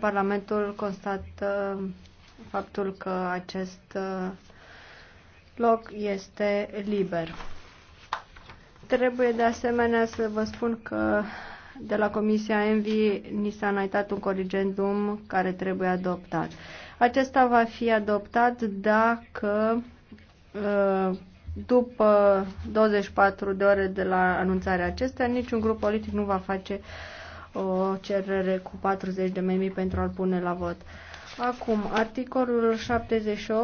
Parlamentul constată faptul că acest uh, loc este liber. Trebuie de asemenea să vă spun că de la Comisia Envi ni s-a înaintat un corrigendum care trebuie adoptat. Acesta va fi adoptat dacă uh, după 24 de ore de la anunțarea acestea niciun grup politic nu va face o cerere cu 40 de membri pentru a-l pune la vot. Acum, articolul 78.